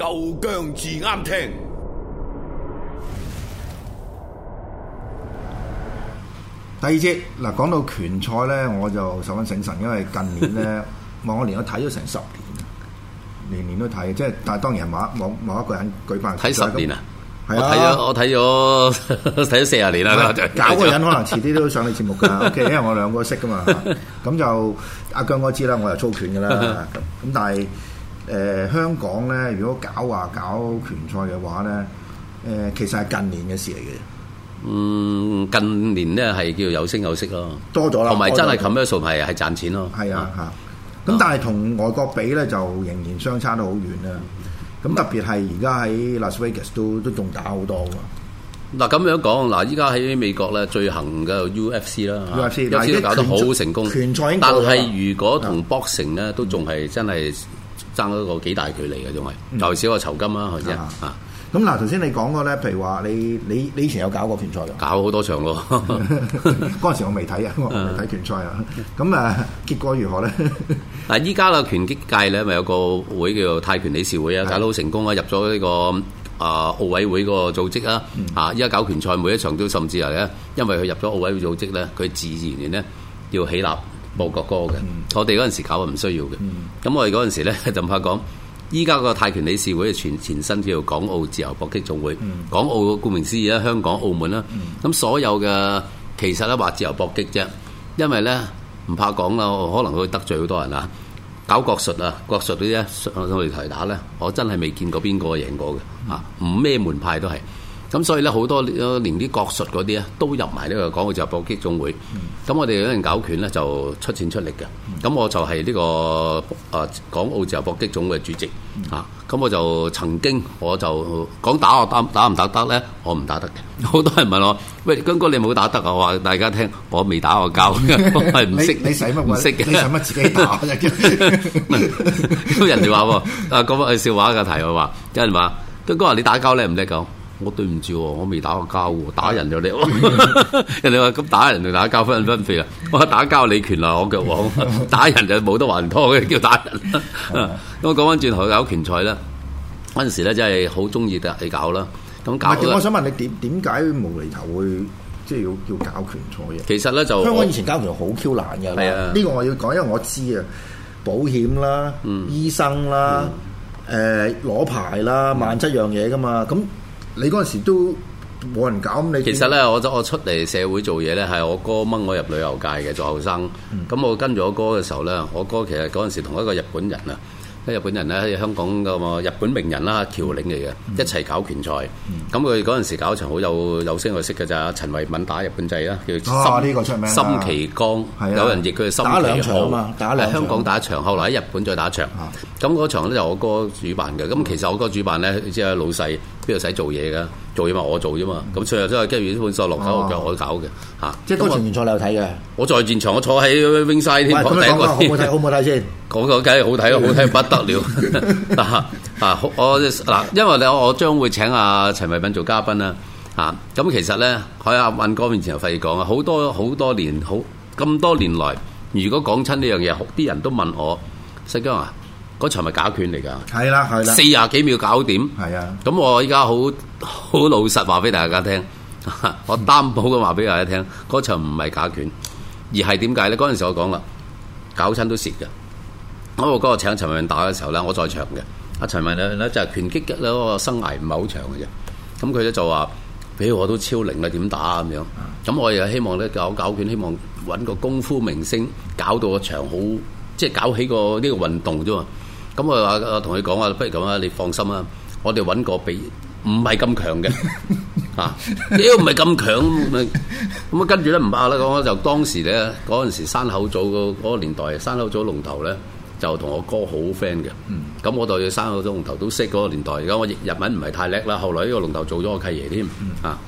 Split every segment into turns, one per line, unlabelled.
夠姜
至啱聽。第二節嗱，講到拳賽咧，我就十分醒神，因為近年咧，望 我年我睇咗成十年，年年都睇，即係但係當然係某某某一個人舉辦。
睇十年，年啊，係啊，睇咗我睇咗睇咗四十年啦。嗰個人可能
遲啲都上你節目噶 ，OK，因為我兩個識噶嘛。咁 就阿姜哥知啦，我又操拳噶啦。咁 但係。誒香港咧，如果搞啊搞拳賽嘅話咧，誒其實係近年嘅事嚟嘅。
嗯，近年咧係叫做有聲有色咯，多咗啦，同埋真係 commercial 係係賺錢咯。係啊，嚇！
咁但係同外國比咧，就仍然相差得好遠啦。咁特別係而家喺 Las Vegas 都都仲打好多㗎。
嗱咁樣講，嗱依家喺美國咧最行嘅 UFC 啦，UFC 嗱啲都搞得好成功，拳賽已經夠啦。但係如果同 boxing 咧，都仲係真係。爭咗個幾大距離嘅仲係，就係少個酬金啦，係咪先嚇。
咁嗱，頭先你講過咧，譬如話你你你以前有搞過拳賽嘅，
搞好多場喎。嗰
陣 時我未睇啊，我未睇拳賽啊。咁、嗯、啊，結果如何咧？
嗱，依家嘅拳擊界咧，咪有個會叫做泰拳理事會啊，搞得好成功啊，入咗呢個啊奧委會個組織啊。嚇、嗯！依家搞拳賽每一場都甚至係咧，因為佢入咗奧委會組織咧，佢自然嘅咧要起立。報國歌嘅、嗯，我哋嗰陣時搞啊，唔需要嘅。咁、嗯、我哋嗰陣時咧，就唔怕講。依家個泰拳理事會嘅全前身叫港澳自由搏擊總會、嗯，港澳顧名思義啦，香港、澳門啦。咁、嗯、所有嘅其實呢話自由搏擊啫，因為呢，唔怕講啦，我可能會得罪好多人啊。搞國術啊，國術嗰啲咧，上嚟提打呢，我真係未見過邊個贏過嘅啊，唔、嗯、咩門派都係。咁所以咧，好多連啲國術嗰啲咧都入埋呢個港澳自由搏擊總會。咁、嗯、我哋有人搞拳咧就出錢出力嘅。咁、嗯、我就係呢、這個、啊、港澳自由搏擊總會主席、嗯、啊。咁我就曾經我就講打,打,打,打,打我打打唔打得咧，我唔打得嘅。好多人問我喂，姜哥你冇打得啊？話大家聽，我未打過交，我係唔識，唔識嘅。你使乜自己打 人哋話喎，啊講句笑話嘅題我話，有人話姜哥你打交呢？唔叻嘅。我對唔住喎，我未打過交喎，打人就你， 人哋話咁打人定打交分分肥啦。我打交你拳啦，我腳往 打人就冇得還拖。我叫打人。咁我講翻轉頭去搞拳賽啦，嗰陣時咧真係好中意嘅去搞啦。咁搞，我想
問你點解無厘頭會即係要搞拳
賽嘅？其實咧就香港以前搞
拳好 Q 難嘅，呢個我要講，因為我知啊，保險啦、
嗯、醫
生啦、攞、嗯呃、牌啦，萬七樣嘢噶嘛，咁。你嗰陣時都冇人搞你，你其實咧，
我我出嚟社會做嘢咧，係我哥掹我入旅遊界嘅。做後生，咁、嗯、我跟住我哥嘅時候咧，我哥其實嗰陣時同一個日本人啊，啲日本人咧喺香港嘛，日本名人啦，橋領嚟嘅、嗯，一齊搞拳賽。咁佢嗰陣時搞一場好有有聲有色嘅咋？陳惠敏打日本仔啦，叫森、啊這個、崎剛、啊，有人譯佢森崎打兩場啊嘛，打兩場。喺香港打一場，後來喺日本再打一場。咁、啊、嗰場咧就我哥主辦嘅。咁其實我哥主辦咧，即、嗯、係、就是、老細。都唔使做嘢噶，做嘢咪我做啫嘛。咁所以真係跟住啲本數落手，哦、我就我搞嘅嚇。即係當
場坐嚟睇嘅。
我在現場，我坐喺 Wingside 添。咁樣講話好唔好睇？好唔好睇先？嗰個梗係好睇，好睇、嗯、不得了 啊！我嗱、啊，因為咧我，我將會請阿陳偉斌做嘉賓啦。啊，咁、啊、其實咧喺阿民哥面前費講啊，好多好多年，好咁多，多年來，如果講親呢樣嘢，啲人都問我。細姜啊！嗰場係咪假拳嚟㗎？係啦，
係啦。四
廿幾秒搞掂。係啊。咁我依家好好老實話俾大家聽， 我擔保嘅話俾大家聽，嗰場唔係假拳，而係點解呢？嗰陣時我講啦，搞親都蝕㗎。我、那、嗰個請陳文打嘅時候咧，我在場嘅。阿陳文亮咧就是、拳擊嘅嗰、那個生涯唔係好長嘅啫。咁佢咧就話，俾、哎、我都超靈啦，點打咁樣？咁我又希望咧搞搞拳，希望揾個功夫明星搞到個場好，即、就、係、是、搞起個呢個運動啫嘛。咁我話同佢講話，不如咁啦，你放心啦，我哋揾個比唔係咁強嘅。啊，屌唔係咁強，咁啊跟住咧唔怕啦，講就當時咧嗰陣時山口組嗰嗰個年代，山口組龍頭咧就同我哥好 friend 嘅，咁我對佢山口組龍頭都識嗰個年代，而家我日文唔係太叻啦，後來呢個龍頭做咗我契爺添，啊。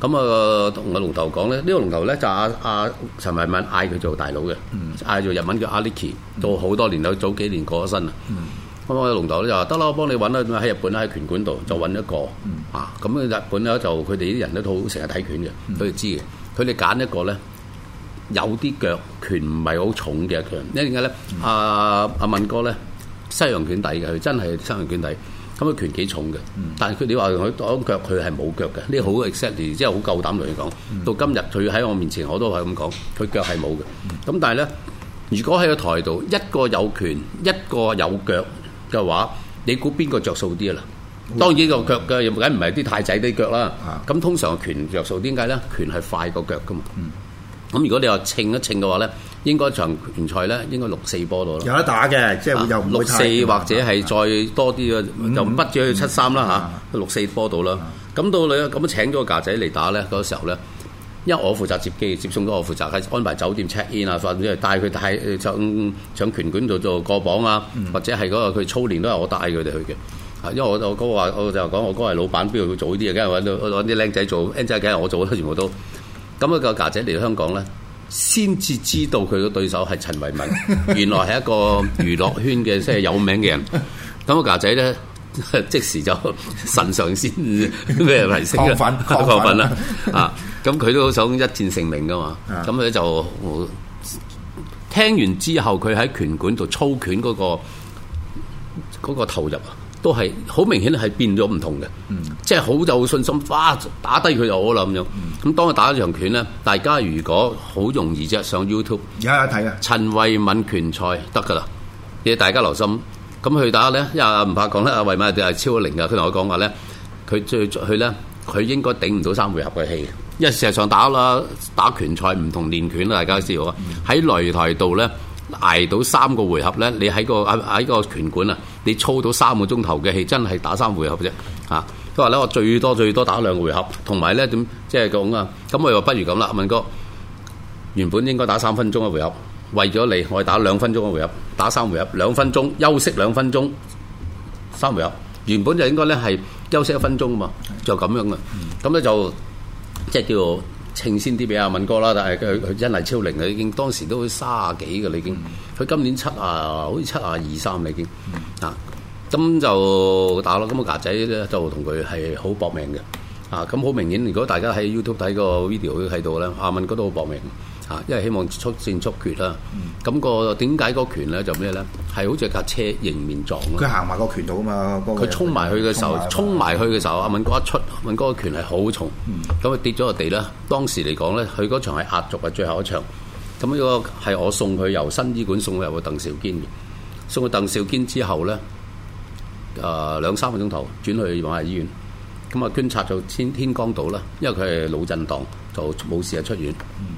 咁、呃、啊同阿龍頭講咧，呢個龍頭咧就阿阿陳惠敏嗌佢做大佬嘅，嗌、嗯、做日文叫阿力奇，做好多年啦，早、嗯、幾年過咗身啦。咁我龍頭咧就話得啦，我幫你揾啦，喺日本喺拳館度就揾一個、嗯、啊。咁日本咧就佢哋啲人都好成日睇拳嘅，佢、嗯、哋知嘅。佢哋揀一個咧有啲腳拳唔係好重嘅拳，因為點解咧？阿、呃、阿敏哥咧西洋拳底嘅，佢真係西洋拳底。咁佢拳幾重嘅，但係佢你話佢當腳，佢係冇腳嘅。呢啲好 exactly，即係好夠膽同你講。到今日佢喺我面前，我都係咁講，佢腳係冇嘅。咁但係咧，如果喺個台度一個有拳一個有腳嘅話，你估邊個著數啲啊？啦，當然個腳嘅又梗唔係啲太仔啲腳啦。咁通常拳著數，點解咧？拳係快過腳噶嘛。咁如果你話稱一稱嘅話咧。應該場拳賽咧，應該六四波到啦。有得打
嘅，即係又會六四或者
係再多啲嘅、嗯，就唔至去七三啦吓、嗯，六四波、嗯、到啦。咁到你咁請咗個架仔嚟打咧，嗰時候咧，因為我負責接機、接送咗，我負責喺安排酒店 check in 啊、嗯嗯，或者係帶佢帶上上拳館度做過磅啊，或者係嗰個佢操練都係我帶佢哋去嘅。因為我我哥話我就講我哥係老闆，邊度會做呢啲啊？梗係揾啲僆仔做，N 仔梗係我做全部都。咁、那、啊個架仔嚟香港咧。先至知道佢嘅對手係陳慧敏， 原來係一個娛樂圈嘅即係有名嘅人。咁個架仔咧，即時就神上先，咩嚟聲啊！亢奮，亢奮啊！咁佢都好想一戰成名噶嘛。咁佢就我聽完之後，佢喺拳館度操拳嗰個嗰個投入。都係好明顯係變咗唔同嘅、嗯，即係好有信心，花打低佢就好啦咁樣。咁、嗯、當佢打咗場拳咧，大家如果好容易啫上 YouTube，睇嘅。陳慧敏拳賽得㗎啦，你大家留心。咁佢打咧，又唔怕講咧，阿慧敏係超齡嘅。佢同我講話咧，佢最佢咧，佢應該頂唔到三回合嘅氣。因為事實上打啦，打拳賽唔同練拳啦，大家知道啊。喺擂台度咧，捱到三個回合咧，你喺個喺喺個拳館啊！你操到三個鐘頭嘅氣，真係打三回合啫，嚇、啊！佢話咧，我最多最多打兩個回合，同埋呢，點即係講啊，咁我又不如咁啦。問哥，原本應該打三分鐘嘅回合，為咗你，我哋打兩分鐘嘅回合，打三回合，兩分鐘休息兩分鐘，三回合原本就應該呢係休息一分鐘嘛，就咁樣嘅，咁呢，就即係叫。稱先啲俾阿文哥啦，但係佢佢恩嚟超齡，嘅，已經當時都三啊幾嘅啦，已經。佢今年七啊，好似七啊二三啦已經。啊、嗯，咁就打咯，咁、嗰個、格仔咧就同佢係好搏命嘅。啊，咁好明顯，如果大家喺 YouTube 睇個 video 喺度咧，阿文哥都好搏命。啊！因為希望速戰速，速，速決啦，啊。咁、嗯，那個點解嗰拳咧就咩咧？係好似架車迎面撞佢行埋
個拳度啊嘛，佢、那個、衝埋去嘅時候，衝埋去
嘅時候，阿敏、嗯、哥一出，敏哥個拳係好重，咁佢跌咗個地啦。當時嚟講咧，佢嗰場係壓軸嘅最後一場。咁呢個係我送佢由新醫館送去個鄧堅肇堅嘅。送去鄧肇堅之後咧，誒、呃、兩三個鐘頭轉去馬雲醫院，咁啊觀察咗天天光島啦。因為佢係腦震盪，就冇事啊出院。嗯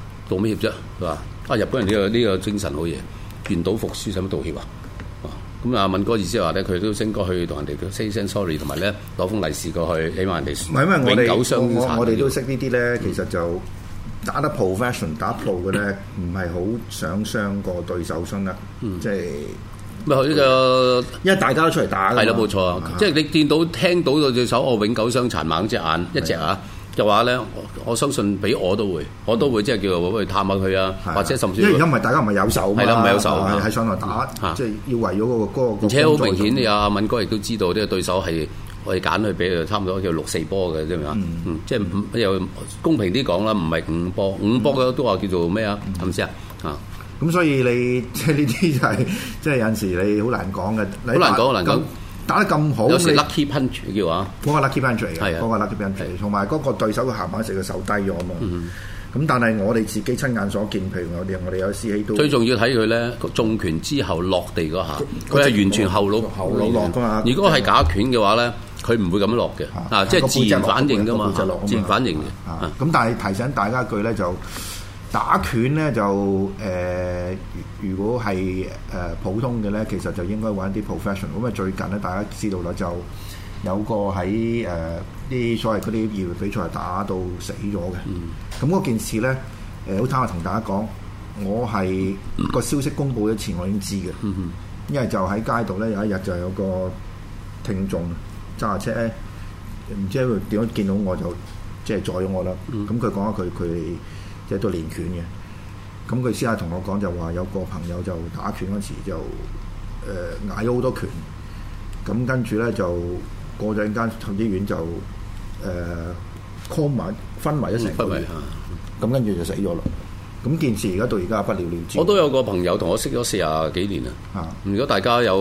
道咩歉啫，係嘛？啊，日本人呢個呢個精神好嘢，願賭服輸使乜道歉啊？咁阿敏哥意思係話咧，佢都應該去同人哋 say 聲 sorry，同埋咧攞封利是過去，希望人哋唔係因為我哋我我哋都
識呢啲咧，其實就打得 professional、嗯、打 pro 嘅咧，唔係好想傷過對手心啦。即係
咪佢呢個？因為大家都出嚟打係啦，冇錯、啊、即係你見到聽到，聽到對手我永久傷殘，盲隻眼一隻啊，嘅話咧，我相信俾我都會，我都會即係叫做去探下佢啊，或者甚至因
為大家唔係有手啦唔係有手喺上台打，即係、就是、要圍咗嗰個歌。那個那個、而且好明顯，阿、
啊、敏哥亦都知道呢個對手係我哋揀佢俾佢，差唔多叫六四波嘅啫嘛。即係又公平啲講啦，唔係五波，五波嘅都話叫做咩啊？係咪先啊？咁、嗯、所以
你即係呢啲就係即係有陣時你好難講嘅。好難講，難講。難打得咁好，有隻 lucky
punch 叫啊，嗰、那個 lucky punch 嚟、啊、嘅，
嗰、那個 lucky punch 嚟、啊，同埋嗰個對手嘅下巴成個手低咗啊嘛。咁、嗯、但係我哋自己親眼所見，譬如我哋我哋有師兄都最重
要睇佢咧，重拳之後落地嗰下，佢係完全後腦後腦落嗰下。如果係假拳嘅話咧，佢、嗯、唔會咁落嘅、啊，即係自然反應㗎嘛，自然反應嘅。
咁但係提醒大家一句咧就。打拳咧就誒、呃，如果係誒、呃、普通嘅咧，其實就應該玩啲 professional。咁啊，最近咧大家知道啦，就有個喺誒啲所謂嗰啲業餘比賽打到死咗嘅。咁、嗯、嗰、嗯、件事咧，誒、呃、好坦白同大家講，我係個、嗯、消息公布咗前我已經知嘅、嗯，因為就喺街度咧有一日就有個聽眾揸車咧，唔知點樣見到我就即係載咗我啦。咁佢講下佢佢。嗯喺度練拳嘅，咁佢私下同我講就話有個朋友就打拳嗰時就誒挨咗好多拳，咁跟住咧就過咗一間 hospital 就 n 埋、呃、分埋一成個月咁跟住就死咗咯。咁、啊、件事而家到而家不了了之。我
都有個朋友同我識咗四十幾年啦。啊，如果大家有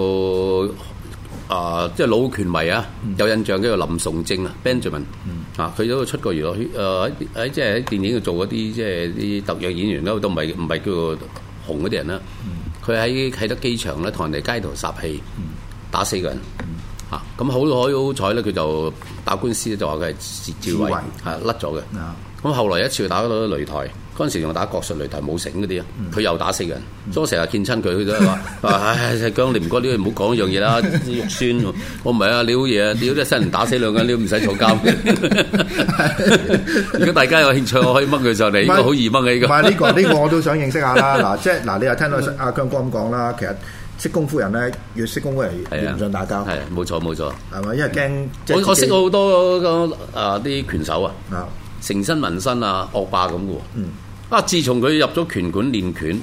啊，即、呃、係、就是、老拳迷啊，嗯、有印象叫做林崇正啊，Benjamin、嗯。嗯啊！佢都出過娛樂圈，誒、呃、喺即係喺電影度做嗰啲即係啲特約演員都唔係唔係叫做紅嗰啲人啦。佢喺啟德機場咧，同人哋街頭殺氣、嗯，打死個人。嚇、嗯！咁好彩好彩咧，佢就打官司咧，就話佢係自自衞，甩咗嘅。咁、啊啊、後來一次打咗到擂台。嗰陣時仲打國術擂台冇繩嗰啲啊，佢又打死人，嗯、所以我成日見親佢，佢都係話：唉、 哎，姜，你唔該，你唔好講一樣嘢啦， 肉酸，我唔係啊，你好嘢啊，你好得新人打死兩個，你唔使坐監。如果大家有興趣，我可以掹佢上嚟，好易掹嘅依呢個，呢、呢個我
都想認識下啦。嗱、 啊，即係嗱、啊，你又聽到阿姜哥咁講啦，其實識功夫人咧，越識功夫人越唔想打
交。係冇錯冇錯，係嘛？因為驚、嗯，我我識好多個啲拳手啊，成身紋身啊，惡霸咁嘅喎。嗯啊！自從佢入咗拳館練拳，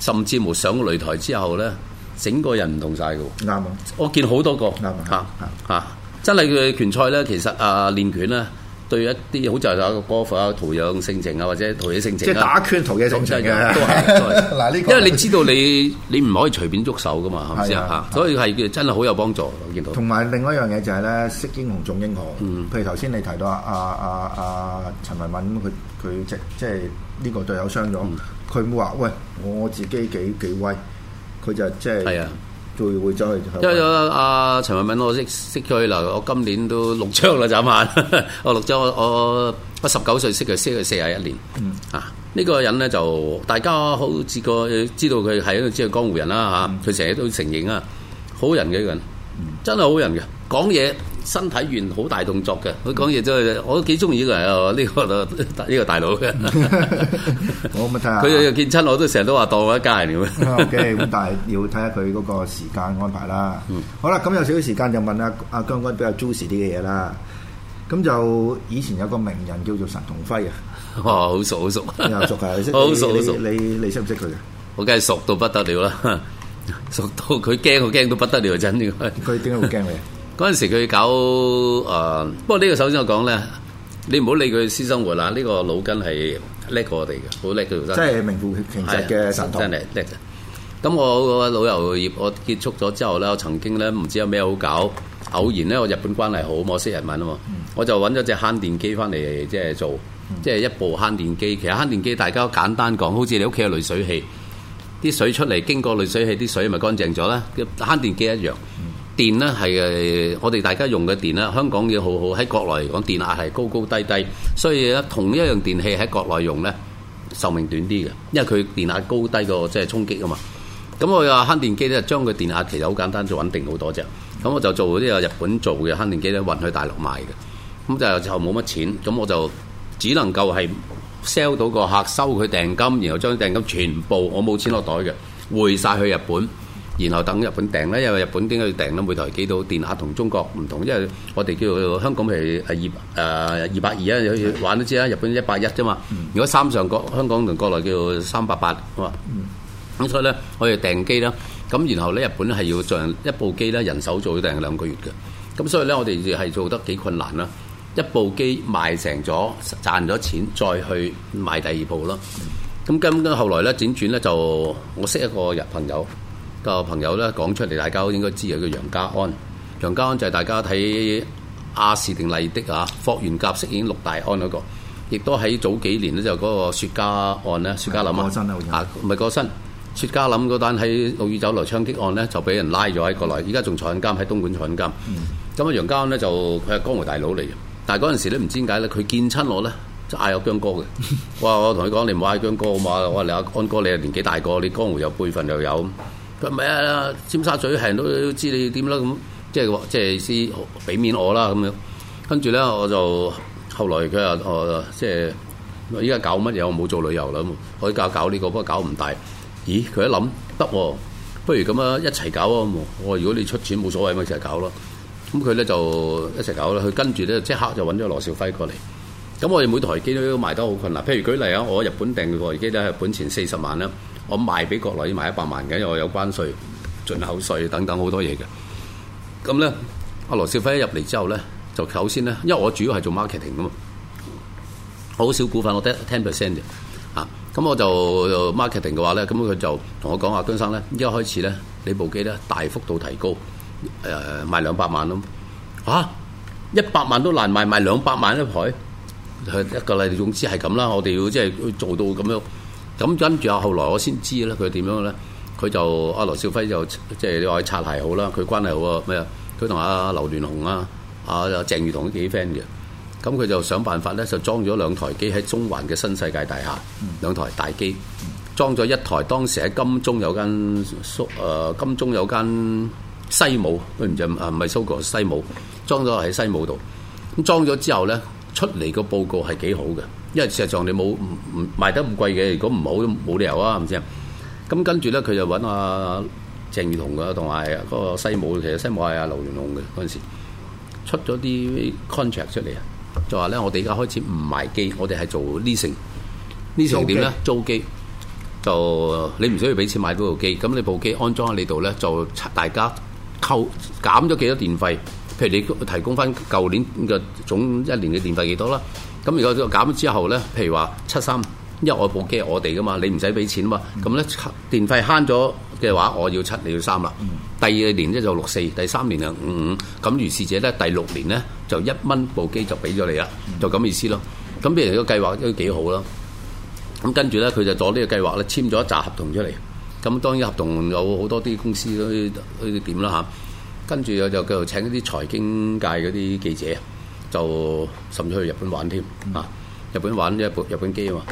甚至無上擂台之後咧，整個人唔同晒嘅喎。啱啊！我見好多個。啱啊！嚇嚇、啊、真係佢拳賽咧，其實啊練拳咧，對於一啲好似係有個波伏啊、陶養性情啊，或者陶冶性情。即係打拳陶冶性情嘅都係。嗱呢個， 因為你知道你你唔可以隨便郁手嘅嘛，係 咪先？啊？所以係真係好有幫助，啊、我見到。同
埋另外一樣嘢就係、是、咧，識英雄重英雄。譬、嗯、如頭先你提到阿阿阿阿陳文敏，佢佢即即係。呢、這個隊友傷咗，佢冇話喂，我自己幾幾威，佢就即係聚會走
去。因為阿、啊、陳文敏我識識佢啦，我今年都六張啦，就咁我六張我我十九歲識佢，識佢四十一年、嗯啊這個。啊，呢個人咧就大家好似個知道佢係知道江湖人啦嚇，佢成日都承認啊，好人嘅一個人，嗯、真係好人嘅，講嘢。身體完好大動作嘅，佢講嘢真係，我都幾中意呢個嚟哦！呢、呢個呢、呢個大佬嘅，我冇睇下，佢又見親我都成日都話當我一家人咁。咁
但係要睇下佢嗰個時間安排啦。嗯、好啦，咁有少少時間就問阿阿姜哥比較 juicy 啲嘅嘢啦。咁就以前有一個名人叫做神童輝、哦、很
很很啊。好熟好熟，又熟係，你熟你你識唔識佢嘅？我梗係熟到不得了啦、啊，熟到佢驚我驚到不得了真啲。佢點解會驚你？ 嗰陣時佢搞誒、呃，不過呢個首先我講咧，你唔好理佢私生活啦。呢、呢個老根係叻過我哋嘅，好叻嘅。真係名
副其實嘅神童。真係
叻。咁我個旅遊業我結束咗之後咧，我曾經咧唔知有咩好搞。偶然咧，我日本關係好，我識日文啊嘛，嗯、我就揾咗隻慳電機翻嚟，即係做，嗯、即係一部慳電機。其實慳電機大家都簡單講，好似你屋企有濾水器，啲水出嚟經過濾水器，啲水咪乾淨咗啦。慳電機一樣。嗯電咧係我哋大家用嘅電啦，香港嘅好好喺國內嚟講，電壓係高高低低，所以咧同一樣電器喺國內用呢，壽命短啲嘅，因為佢電壓高低個即係衝擊啊嘛。咁我個慳電機咧，將佢電壓其實好簡單，就穩定好多隻。咁我就做啲啊日本做嘅慳電機呢，運去大陸賣嘅。咁就之後冇乜錢，咁我就只能夠係 sell 到個客收佢訂金，然後將訂金全部我冇錢落袋嘅，匯晒去日本。然後等日本訂咧，因為日本點解要訂咧？每台機都電壓同中國唔同，因為我哋叫做香港係二誒二百二啊，好似玩都知啦。日本一百一啫嘛。如果三上國香港同國內叫做三百八，係嘛咁，所以咧我哋訂機啦。咁然後咧日本咧係要人一部機咧人手做，訂兩個月嘅。咁所以咧我哋係做得幾困難啦。一部機賣成咗賺咗錢，再去賣第二部咯。咁跟跟後來咧輾轉咧就我識一個人朋友。個朋友咧講出嚟，大家應該知啊。叫楊家安，楊家安就係大家睇亞視定麗的啊，霍元甲飾演六大安嗰、那個，亦都喺早幾年咧就嗰個雪茄案咧，雪茄林啊，唔係過身雪茄林嗰單喺陸羽酒樓槍擊案咧，就俾人拉咗喺國內，而家仲坐緊監喺東莞坐緊監。咁、嗯、啊，楊家安咧就佢係江湖大佬嚟嘅，但係嗰陣時咧唔知點解咧，佢見親我咧就嗌我姜哥嘅。 哇！我同佢講：你唔好嗌姜哥好嘛？我話你阿安哥，你係年紀大個，你江湖有輩份又有。佢咪啊！尖沙咀行到都知你要點啦，咁，即係即係意思俾面我啦咁樣。跟住咧，我就後來佢又我即係依家搞乜嘢？我冇做旅遊啦，咁可以搞搞呢個，不過搞唔大。咦？佢一諗得，不如咁啊一齊搞啊！我如果你出錢冇所謂咪一齊搞咯。咁佢咧就一齊搞啦。佢跟住咧即刻就揾咗羅兆輝過嚟。咁我哋每台機都賣得好困難。譬如舉例啊，我日本訂嘅台機咧，本錢四十萬啦。我賣俾國內要賣一百萬嘅，因為有關稅、進口稅等等好多嘢嘅。咁咧，阿羅少輝一入嚟之後咧，就首先咧，因為我主要係做 marketing 噶嘛，好少股份，我得 ten percent 咋。啊，咁我就，就 marketing 嘅話咧，咁佢就同我講啊，姜生咧，依家開始咧，你部機咧大幅度提高，誒、呃、賣兩百萬咯。嚇、啊，一百萬都難賣，賣兩百萬一台、啊。一個例子總之係咁啦，我哋要即係做到咁樣。咁跟住啊，後來我先知咧，佢點樣咧？佢就阿羅少輝就即係、就是、你話擦鞋好啦，佢關係好啊咩啊？佢同阿劉鑾雄啊、阿鄭裕彤同幾 friend 嘅。咁佢就想辦法咧，就裝咗兩台機喺中環嘅新世界大廈，兩台大機，裝咗一台當時喺金鐘有間蘇金鐘有間西武，唔就啊唔係 SOGO 西武，裝咗喺西武度。咁裝咗之後咧，出嚟個報告係幾好嘅。因為事實上你冇唔賣得咁貴嘅，如果唔好都冇理由啊，唔知啊。咁跟住咧，佢就揾阿鄭裕彤嘅，同埋嗰個西武，其實西武係阿劉元龍嘅嗰陣時，出咗啲 contract 出嚟啊，就話咧我哋而家開始唔賣機，我哋係做 leasing。leasing 點咧？租機就你唔需要俾錢買嗰部機，咁你部機安裝喺你度咧，就大家扣減咗幾多電費？譬如你提供翻舊年嘅總一年嘅電費幾多啦？咁如果減咗之後呢，譬如話七三，因為我部機係我哋噶嘛，你唔使俾錢啊嘛。咁呢，電費慳咗嘅話，我要七，你要三啦。第二年呢就六四，第三年啊五五。咁如是者呢，第六年呢就一蚊部機就俾咗你啦，就咁意思咯。咁譬如個計劃都幾好啦。咁跟住呢，佢就做呢個計劃呢簽咗一紮合同出嚟。咁當然合同有好多啲公司都去點啦吓，跟住我就繼續請啲財經界嗰啲記者。就甚至去日本玩添啊！日本玩一部日本機啊嘛，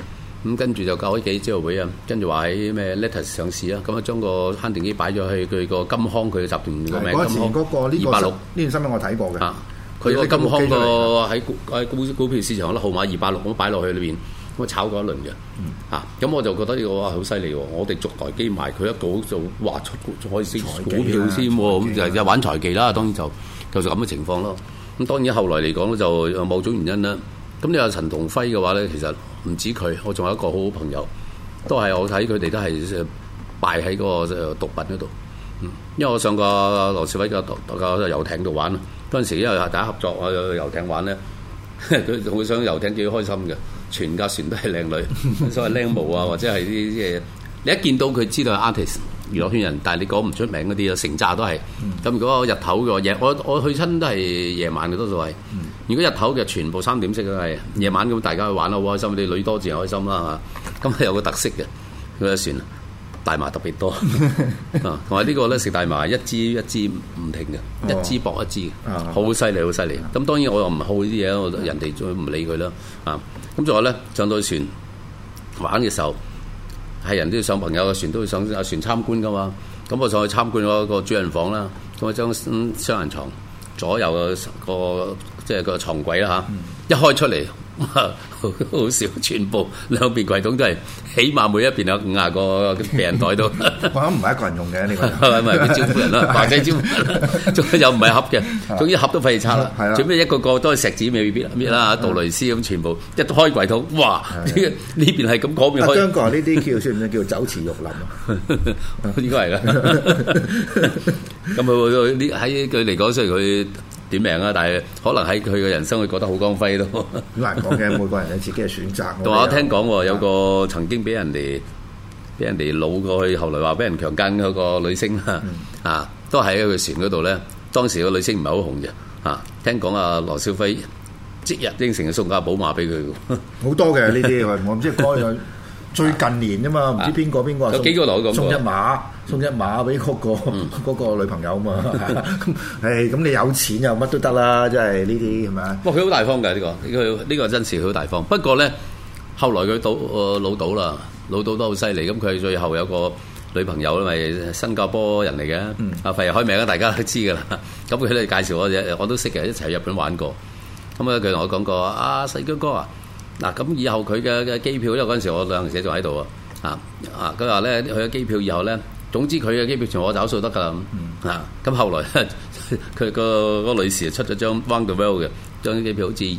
咁跟住就搞咗記者會啊，跟住話喺咩 letters 上市啊，咁啊將個坑定機擺咗去佢個金康佢集團嘅名。嗰前嗰個呢、呢個呢
個呢個新聞我睇過嘅，
佢、啊、喺金康、呢個喺喺股，股票市場嗰粒號碼二百六咁擺落去裏邊，咁啊炒過一輪嘅。啊，咁我就覺得呢個啊好犀利喎！我哋逐台機買佢一攰就話出海升股票先喎，咁就玩財技啦。當然就就係咁嘅情況咯。咁當然後來嚟講咧，就某種原因啦。咁你話陳同輝嘅話咧，其實唔止佢，我仲有一個好好朋友，都係我睇佢哋都係敗喺嗰個毒品嗰度。嗯，因為我上過羅志偉嘅個遊艇度玩，嗰陣時因為大家合作去 遊艇玩咧，佢好想遊艇幾開心嘅，全架船都係靚女， 所謂靚模啊，或者係啲啲嘢， 你一見到佢知道係 artist。娛樂圈人，但係你講唔出名嗰啲啊，成扎都係。咁、嗯、如果日頭嘅夜，我我去親都係夜晚嘅多數係。嗯、如果日頭嘅全部三點式都係，夜晚咁大家去玩好開心啲，你女多自然開心啦嚇。咁、啊、有個特色嘅，嗰、那、啲、隻、船大麻特別多。同 埋、啊、呢個咧食大麻一支一支唔停嘅，一支搏一支，好犀利好犀利。咁、哦啊啊啊、當然我又唔好呢啲嘢，我人哋再唔理佢啦。啊，咁、啊啊、仲有咧上到船玩嘅時候。係人都要上朋友嘅船，都要上船參觀㗎嘛。咁我上去參觀咗個主人房啦，咁啊張雙人床，左右個即係個床櫃啦，一開出嚟。好少，全部兩邊櫃桶都係，起碼每一邊有五廿個病袋都。我諗唔
係一個人用嘅呢
個，唔係唔係啲招呼人啦，或者招呼，又唔係盒嘅，總之盒都費事拆啦。最屘一個個都係石子，未必啦，咩啦，杜蕾斯咁，全部一開櫃桶，哇！呢呢邊係咁，嗰邊開。祥哥
呢啲叫算唔算叫酒池肉林啊？應
該係㗎。咁啊，呢喺佢嚟講，所以佢。點名啊！但係可能喺佢嘅人生，佢覺得好光輝咯。好難講嘅，
每個人有自己嘅選擇。我聽
講有個曾經俾人哋俾人哋老過去，後來話俾人強奸嗰個女星，嗯、啊，都喺佢船嗰度咧。當時個女星唔係好紅嘅。啊，聽講阿羅小輝即日應承送架寶馬俾佢。
好多嘅呢啲， 我唔知講最近年啫嘛，唔、啊、知邊、啊、個邊個送一馬、嗯、送一馬俾嗰、那個嗯那個女朋友啊嘛，咁、嗯、咁、 哎、你有錢又乜都
得啦，即係呢啲係咪哇！佢好、哦、大方㗎呢、這個，呢、這個呢真係，佢好大方。不過咧，後來佢到老到啦，老到都好犀利。咁佢最後有個女朋友啦，咪、就是、新加坡人嚟嘅，阿、嗯、肥、啊、開名大家都知㗎啦。咁佢哋介紹我我都識嘅，一齊日本玩過。咁啊，佢同我講過啊，細腳哥啊！嗱，咁以後佢嘅嘅機票，因為嗰時我旅行社仲喺度啊，啊，佢話咧去咗機票以後咧，總之佢嘅機票全部我找數得㗎咁啊。咁、嗯、後來佢、個個女士出咗張 round the world 嘅，張機票好似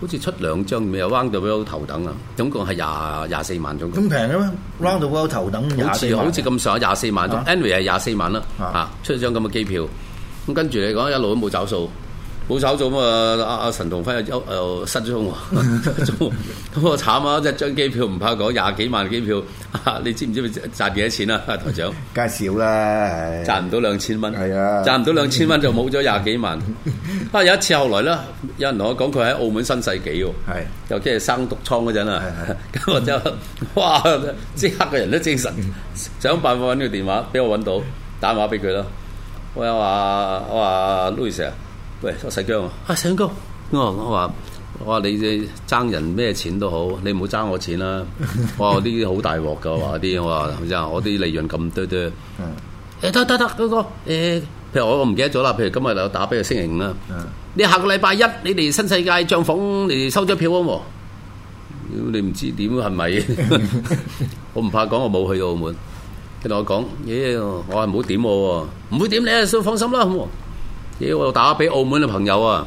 好似出兩張嘅，round the world 頭等啊，總共係廿廿四萬，總共咁
平嘅咩？round the world 頭等廿四，嗯，好似
咁上下廿四萬。總、啊、anyway 係廿四萬啦、啊，出出張咁嘅機票，咁跟住你講一路都冇找數。冇手咗咁啊！阿阿神童輝又又、呃、失咗我咁我慘啊！即一張機票唔怕講廿幾萬機票，你知唔知佢賺幾多錢啊？台長介紹啦，賺唔到兩千蚊。係、哎、啊，賺唔到兩千蚊就冇咗廿幾萬。不 有一次後來咧，有人同我講佢喺澳門新世紀喎，又即係生毒瘡嗰陣啊，咁 我就哇即刻個人都精神， 想辦法揾呢個電話，俾我揾到打電話俾佢啦。我又話我話 l u c 啊！喂，我使姜啊！阿成哥，哦、我我話我話你你爭人咩錢都好，你唔好爭我錢啦、哦！我話呢啲好大鑊噶話啲，我話係咪我啲利潤咁多多，嗯、哎，得得得，阿、哎、哥、哎哎、譬如我我唔記得咗啦，譬如今日又打俾佢星期五啦，你下個禮拜一你哋新世界帳房嚟收咗票啊喎！你唔知點係咪？我唔怕講，我冇去澳門。聽同我講、哎，我話、啊、one，我唔好點喎，唔會點你放心啦，欸、我打俾澳門嘅朋友啊，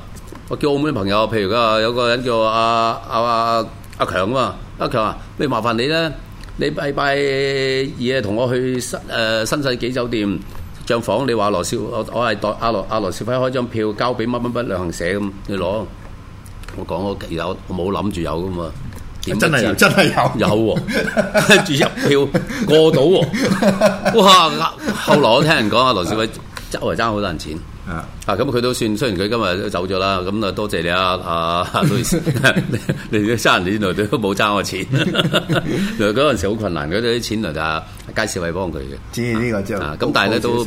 我叫澳門嘅朋友，譬如有個人叫阿阿阿阿強啊嘛，阿、啊、強啊，不如麻煩你咧？你禮拜，拜二同我去新誒新世紀酒店帳房，你話羅少，我我係代阿羅阿、啊、羅少輝開張票交俾乜乜乜旅行社咁，你攞。我講我有，我冇諗住有噶嘛？真係有，真係有，有、啊，有 住入票過到、啊。哇！後來我聽人講阿羅少輝周圍爭好多人錢。啊！咁、啊、佢都算，雖然佢今日都走咗啦，咁、嗯、啊多謝你啊啊律師， 你你三年內都冇爭我錢。原來嗰陣時好困難，嗰啲錢嚟就介紹小幫幫佢嘅。知呢個之咁但係咧都都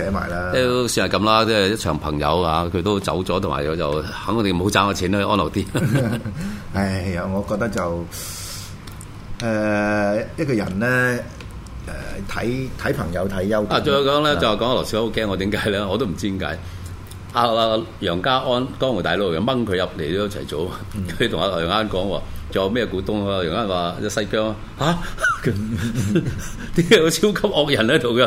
算係咁啦，即係一場朋友啊，佢都走咗，同埋我就肯定冇爭我錢啦，安樂啲。 哎
呀，我覺得就誒、呃、一個人咧誒睇睇朋友睇優。啊，再講呢，就
講羅 Sir 好驚我，點解呢？我都唔知點解。阿阿楊家安江湖大佬又掹佢入嚟，都一齊做，佢同阿楊家安講話，仲有咩股東啊？楊家安話只西疆、啊、吓、啊，點解有超級惡人喺度嘅？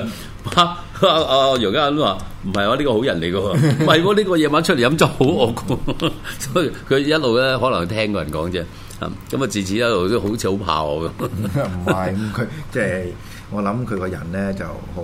啊阿阿楊家安都話唔係我呢個好人嚟嘅。唔係喎，呢個夜晚出嚟飲酒好惡嘅， 所以佢一路咧可能聽個人講啫，咁 啊、嗯、自此一路都好似好怕我嘅
唔係，咁佢即係我諗佢個人咧就好。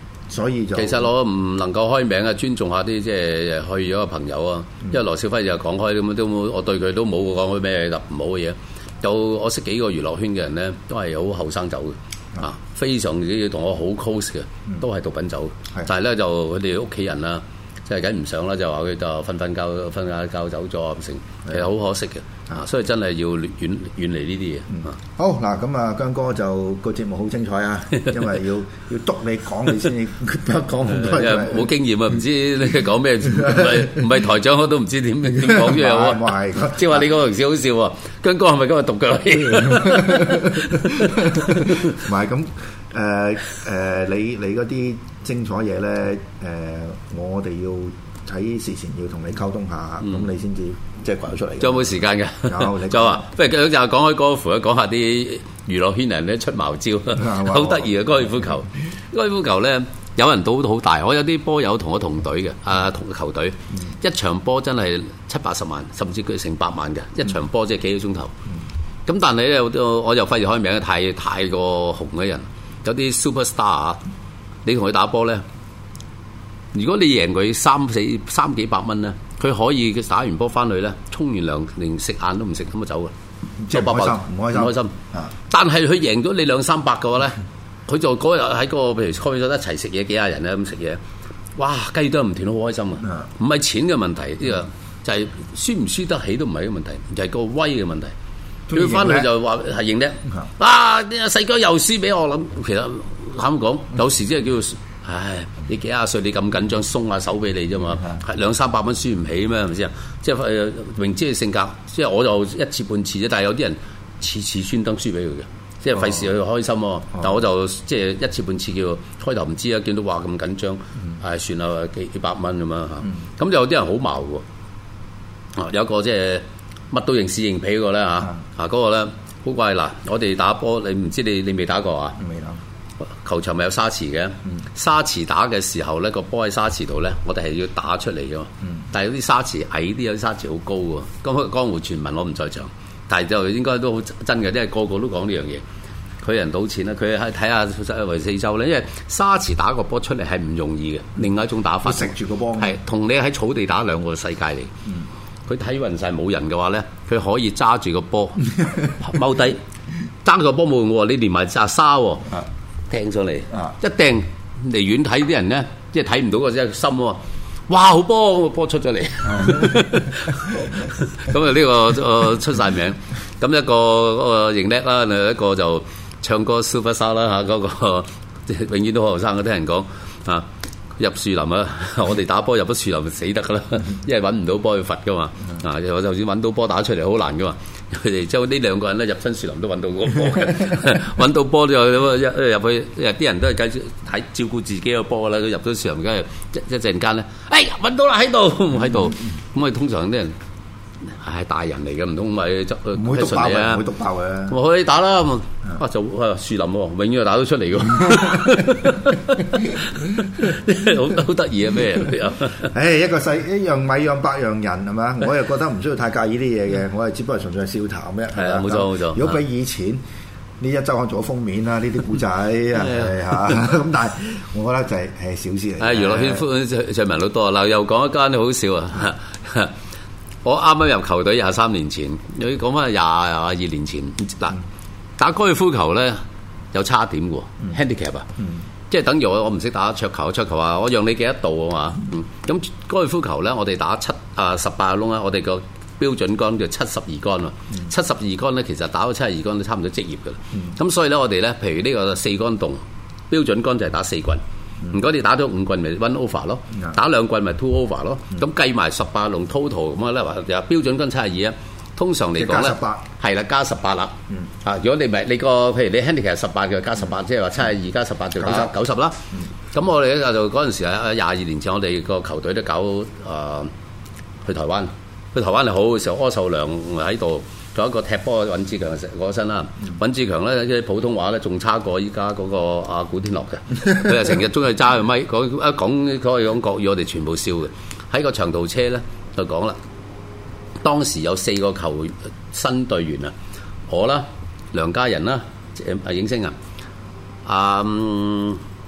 所
以就其實我唔能夠開名啊，尊重下啲即係去咗個朋友啊、嗯。因為羅小輝就講開咁樣，都我對佢都冇講開咩嘢唔好嘅嘢。有我識幾個娛樂圈嘅人咧，都係好後生走嘅啊，非常之同我好 close 嘅，都係毒品走、嗯是。但係咧就佢哋屋企人啦、啊。就係跟唔上啦，就話佢就瞓瞓覺，瞓下覺走咗咁成，係好可惜嘅啊！所以真係要遠遠離呢啲嘢。好
嗱，咁啊，姜哥就、個節目好精彩啊， 因為要要督你講你先，得講唔多嘅。
冇經驗啊，唔 知你講咩？唔係唔係台長我都唔知點點講嘢好喎。即係話你嗰個時好笑喎， 姜哥係咪今日獨腳？
唔係咁。誒、呃、誒、呃，你你嗰啲精彩嘢咧，誒、呃，我哋要喺事前要同你溝通下，咁、嗯、你
先至即係講出嚟。仲有冇時間㗎？仲啊，不如就講開高爾夫，講下啲娛樂圈人咧出茅招，啊、好得意嘅高爾夫球。高爾夫球咧，有人賭到好大，我有啲波友同我同隊嘅，啊，同個球隊，嗯、一場波真係七八十萬，甚至佢成百萬嘅一場波，即係幾個鐘頭。咁、嗯嗯、但你咧，我就又費事開名太，太過紅嘅人。有啲 super star 嚇，你同佢打波咧，如果你贏佢三四三幾百蚊咧，佢可以佢打完波翻去咧，沖完涼，連食晏都唔食咁就走㗎，即係唔開心，唔開心，唔開心，啊！但係佢贏咗你兩三百嘅話咧，佢就嗰日喺嗰個譬如開咗一齊食嘢，幾廿人啊咁食嘢，哇！雞都唔斷，好開心啊！唔係錢嘅問題，呢、這個就係輸唔輸得起都唔係一個問題，就係、是、個威嘅問題。
佢翻去就話係
認叻，啊！細個又輸俾我，諗其實慘講，有時即係叫，唉！你幾廿歲，你咁緊張，鬆下手俾你啫嘛，係兩三百蚊輸唔起咩？係咪先？即、呃、係明知性格，即、就、係、是、我就一次半次啫。但係有啲人次次專登輸俾佢嘅，即係費事佢開心，啊。但我就即係、就是、一次半次叫開頭唔知啊，見到話咁緊張，誒、哎、算啦，幾幾百蚊咁樣吓。咁、嗯、就有啲人好矛嘅，啊有一個即、就、係、是。乜都形似形皮嗰個咧嚇，嚇嗰個咧好怪嗱！我哋打波，你唔知你你未打過啊？未打。球場咪有沙池嘅、嗯，沙池打嘅時候咧，個波喺沙池度咧，我哋係要打出嚟嘅。嗯。但係有啲沙池矮啲，有啲沙池好高嘅。江湖傳聞我唔在場，但係就應該都好真嘅，因為個個都講呢樣嘢。佢人賭錢啦，佢係睇下圍四周咧，因為沙池打個波出嚟係唔容易嘅，另外一種打法。食住個波。係同你喺草地打兩個世界嚟。嗯佢睇勻晒冇人嘅話咧，佢可以揸住個波踎低，揸個波冇。我話你連埋揸沙喎，掟上嚟，一掟離遠睇啲人咧，即係睇唔到個隻心喎。哇！好波，來 個波出咗嚟。咁啊，呢個出晒名。咁一個嗰個型叻啦，另一，呃、一個就唱歌 super 沙啦、啊，那個嗰個永遠都好後生嘅。聽人講啊～入樹林啊！我哋打波入咗樹林咪死得噶啦，因為揾唔到波去罰噶嘛、嗯。啊，就算揾到波打出嚟好難噶嘛。佢哋即係呢兩個人咧入親樹林都揾到個波嘅，揾 到波都有入去。啲人都係緊住睇照顧自己個波啦。佢入咗樹林，而家一一陣間咧，哎揾到啦，喺度喺度。咁啊，通常啲人。係、哎、大人嚟嘅，唔通咪唔會督爆嘅，唔會督爆嘅。我可以打啦，啊就、哎、樹啊樹林，永遠打到出嚟嘅， 好好得意啊！咩？唉、
哎，一個細一樣米養百樣人係嘛？ 我又覺得唔需要太介意啲嘢嘅，嗯、我係只不過純粹係笑談咩？係啊，冇錯冇錯。如果比以前呢 壹週刊做咗封面啦，呢啲古仔啊咁，但係我覺得就係係
小事嚟。啊、哎，娛樂圈趣趣聞好多嗱，又講一間好笑啊！嗯 我啱啱入球隊廿三年前，你講翻廿二年前嗱，打高爾夫球咧有差點喎，handicap 啊，即、嗯、係、就是、等於我我唔識打桌球，桌球啊，我讓你幾多度啊嘛，咁高爾夫球咧，我哋打七啊十八個窿啊，我哋個標準桿就七十二桿咯，七十二桿咧其實打到七十二桿都差唔多職業嘅，咁、嗯、所以咧我哋咧，譬如呢個四桿洞，標準桿就係打四棍。嗯、如果你打咗五棍咪 one、就是、over 咯，嗯，打兩棍咪 two over 咯，咁計埋十八窿 total 咁咧話又標準跟七廿二啊。通常嚟講咧，係啦加十八啦。啊、嗯，如果你咪，你個譬如你 handy 其實十八嘅加十八，嗯，即係話七廿二加十八就九十九十啦。咁我哋就嗰陣時廿二年前，我哋個球隊都搞啊、呃、去台灣，去台灣你好，嘅時候，柯秀良喺度。仲有一個踢波嘅尹志強食身啦、嗯，尹志強咧即係普通話咧仲差過依家嗰個阿、啊、古天樂嘅，佢就成日中意揸個咪，講一講講講國語，我哋全部笑嘅。喺個長途車咧就講啦，當時有四個球新隊員啊，我啦、梁家仁啦、阿影星啊、啊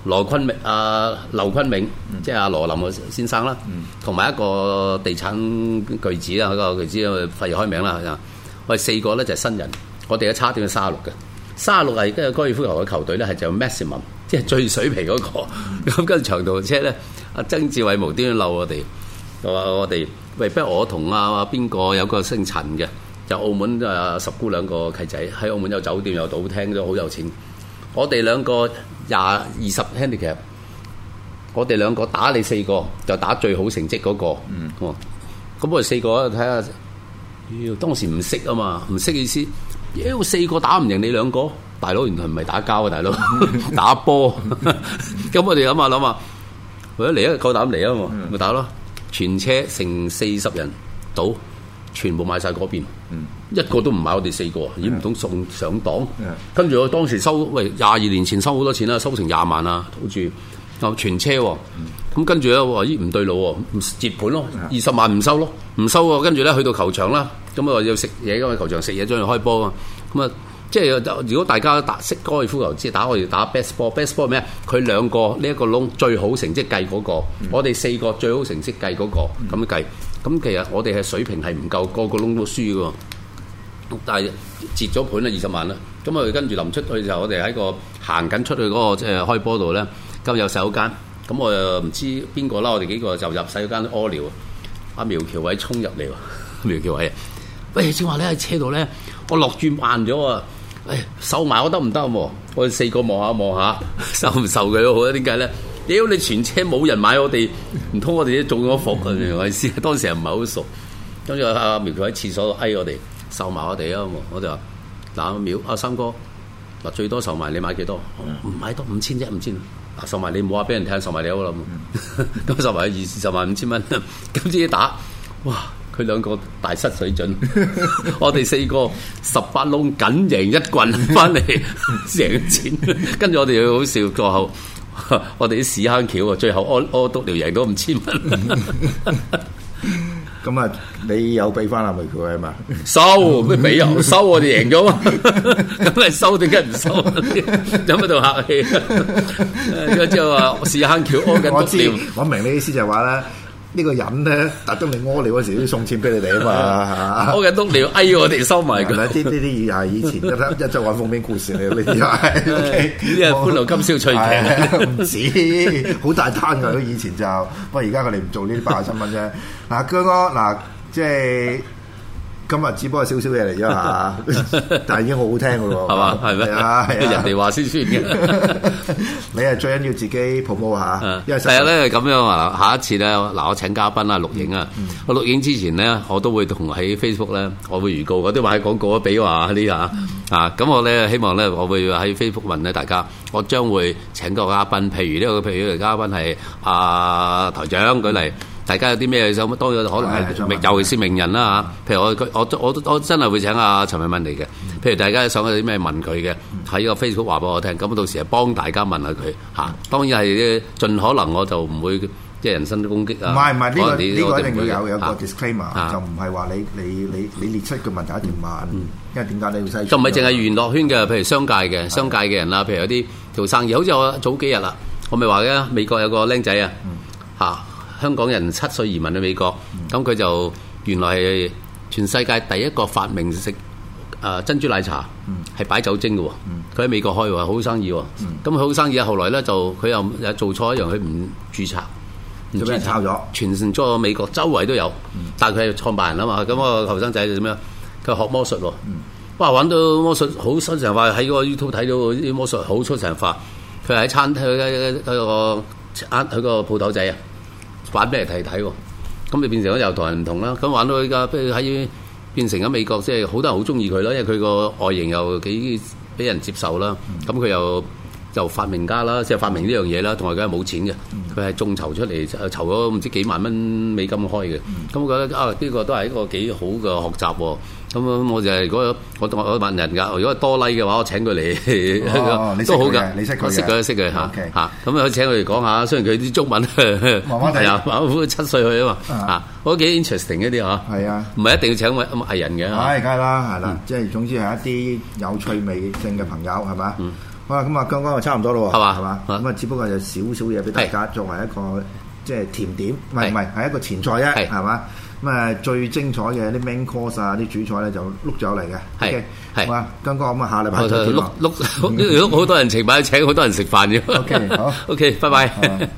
羅坤明、啊劉坤明，嗯、即係阿羅林先生啦，同、嗯、埋一個地產巨子啦，嗰個巨子發熱開名啦。嗯嗯。喂，四個咧就係新人，我哋一差點卅六嘅，卅六係跟高爾夫球嘅球隊咧係就 Maxim，即係最水皮嗰、那個。咁 跟住長途的車咧，阿曾志偉無端端鬧我哋，話我哋喂，不如我同阿邊個有個姓陳嘅，就澳門啊十姑娘個契仔喺澳門有酒店又賭廳都好有錢。我哋兩個廿 20, 二十 handicap，我哋兩個打你四個就打最好成績嗰、那個，嗯，嗯，咁我哋四個睇下。當時唔識啊嘛，唔識意思，妖四個打唔贏你兩個，大佬原來唔係打交啊，大佬 打波球，咁我哋諗下諗下，咗嚟一夠膽嚟啊嘛，咪、嗯、打咯，全車成四十人到，全部買晒嗰邊、嗯，一個都唔買我哋四個啊，咦唔通送上當，跟、嗯、住我當時收喂廿二年前收好多錢啦，收成廿萬啊，好住就全車喎。嗯咁跟住咧，咦唔對路喎，接盤咯，二十萬唔收咯，唔收喎。跟住咧去到球場啦，咁啊要食嘢嘅嘛，去球場食嘢再開波啊。咁啊，即係如果大家打識高爾夫球即係打，我哋打 best ball，best ball 係咩啊？佢兩個呢一個窿最好成績計嗰個，我哋四個最好成績計嗰個咁樣計。咁其實我哋係水平係唔夠，個個窿都輸嘅。但係接咗盤啦，二十萬啦。咁啊跟住臨出去嘅時候，我哋喺個行緊出去嗰個誒開波度咧，今日有洗手間。咁我又唔知邊個啦，我哋幾個就入晒嗰間屙尿。阿苗僑偉衝入嚟喎，苗僑偉啊！喂，正話你喺車度咧，我落轉慢咗喎。誒，收埋我得唔得啊？我哋四個望下望下，收唔收佢都好啦。點解咧？屌、哎、你全車冇人買我哋，唔通我哋都中咗伏、啊嗯嗯嗯嗯嗯？我意思當時又唔係好熟，跟住阿苗僑偉喺廁所度嗌我哋收埋我哋啊！我就話：嗱，阿苗阿三哥，嗱最多收埋你買幾多，嗯、多？唔買多五千啫，五千。送埋你唔好話俾人聽，送埋你好啦，咁十埋二十萬五千蚊，咁自己打，哇佢兩個大失水準， 我哋四個十八窿緊贏一棍翻嚟，贏錢，跟住我哋又好笑，最後我哋啲屎坑橋啊，最後屙屙篤尿贏五千蚊。呵呵
咁啊，你有
俾翻阿梅佢係嘛？收咩俾啊？收我哋贏咗嘛？咁咪收，點解唔收？有乜度客氣？咁就話是康橋安
嘅我知，我明白你意思就係話咧。呢、這個人咧，特登嚟屙尿嗰時都送錢俾你哋啊嘛！屙緊
督尿，哎我哋 收埋佢啦！啲啲
啲嘢係以前的 一週一週揾封面故事嚟，你知啦！呢
啲係歡樂今宵趣劇唔、 哎、
不止好 大單噶，以前就，不過而家佢哋唔做呢啲八卦新聞啫。嗱姜哥，嗱即係。今日只不過少少嘢嚟啫嚇， 但係已經好好聽嘅喎，
係 嘛？係咩？人哋話先先嘅，
你係最緊要自己 promote 嚇。因
為， 成日咧咁樣啊，下一次咧嗱，我請嘉賓啊，錄影啊、嗯嗯，我錄影之前咧，我都會同喺 Facebook 咧，我會預告嗰啲喺廣告啊，比如呢啲嚇啊，咁我咧希望咧，我會喺 Facebook 問咧大家，我將會請個嘉賓，譬如呢、呢個譬如、呢個、譬如個嘉賓係啊台長，舉例。.大家有啲咩想？當然可能係，尤其是名人啦吓、嗯，譬如我我我我真係會請阿陳敏敏嚟嘅。譬如大家想有啲咩問佢嘅，喺、嗯、個 Facebook 話俾我聽。咁到時幫大家問下佢吓、啊，當然係咧，盡可能我就唔會即係人身攻擊啊。唔係唔係呢個呢、這個一定會有有一個 disclaimer，、啊、就唔係
話你你你你列出嘅問題一定問、嗯，因為點解你要使？就唔係淨係
娛樂圈嘅，譬、嗯、如商界嘅商界嘅人啦，譬、嗯、如有啲做生意，好似我早幾日啦，我咪話嘅美國有個僆仔、嗯、啊嚇。香港人七歲移民去美國，咁佢就原來係全世界第一個發明食誒珍珠奶茶，係擺酒精嘅喎。佢喺美國開話好生意，咁佢好生意。後來咧就佢又又做錯一樣，佢唔註冊，俾人抄咗。傳承咗美國，周圍都有，但係佢係創辦人啊嘛。咁、個後生仔就點樣？佢學魔術喎、嗯，哇！玩到魔術好出神入化，喺個 YouTube 睇到魔術好出神入化。佢喺餐廳嘅佢個佢個鋪頭仔啊。玩俾人睇睇喎，咁就變成咗又同人唔同啦。咁玩到依家，譬如喺變成咗美國，即係好多人好中意佢啦，因為佢個外形又幾俾人接受啦。咁、嗯、佢又～就發明家啦，即係發明呢樣嘢啦，同埋梗係冇錢嘅，佢係眾籌出嚟，籌咗唔知幾萬蚊美金開嘅。咁、嗯、我覺得啊，呢個都係一個幾好嘅學習喎。咁、嗯、我就如、是、果我我問人㗎，如果多 like 嘅話，我請佢嚟、哦、都好㗎。你識佢嘅？你識佢，識佢嚇嚇。咁、okay、啊，嗯、請佢嚟講下。雖然佢啲中文麻麻地啊，七歲去啊嘛嚇，我都幾 interesting 一啲呵。係啊，唔係、啊、一定要請位藝人嘅。唉、啊，梗係啦，係、啊、
啦，即、啊、係、嗯、總之係一啲有趣味性嘅朋友係嘛。啊，咁啊，姜哥就差唔多咯，係嘛，係嘛，咁啊，只不過係少少嘢，俾大家作為一個即係、就是、甜點，唔係唔係，係一個前菜啫，係嘛，咁啊，最精彩嘅啲 main course 啊，啲主菜咧就碌咗嚟嘅。係，係，哇，姜哥咁啊，下禮拜就碌碌，如果好
多人請埋、嗯，請好多人食飯啫。o、okay, k 好，OK，拜拜。嗯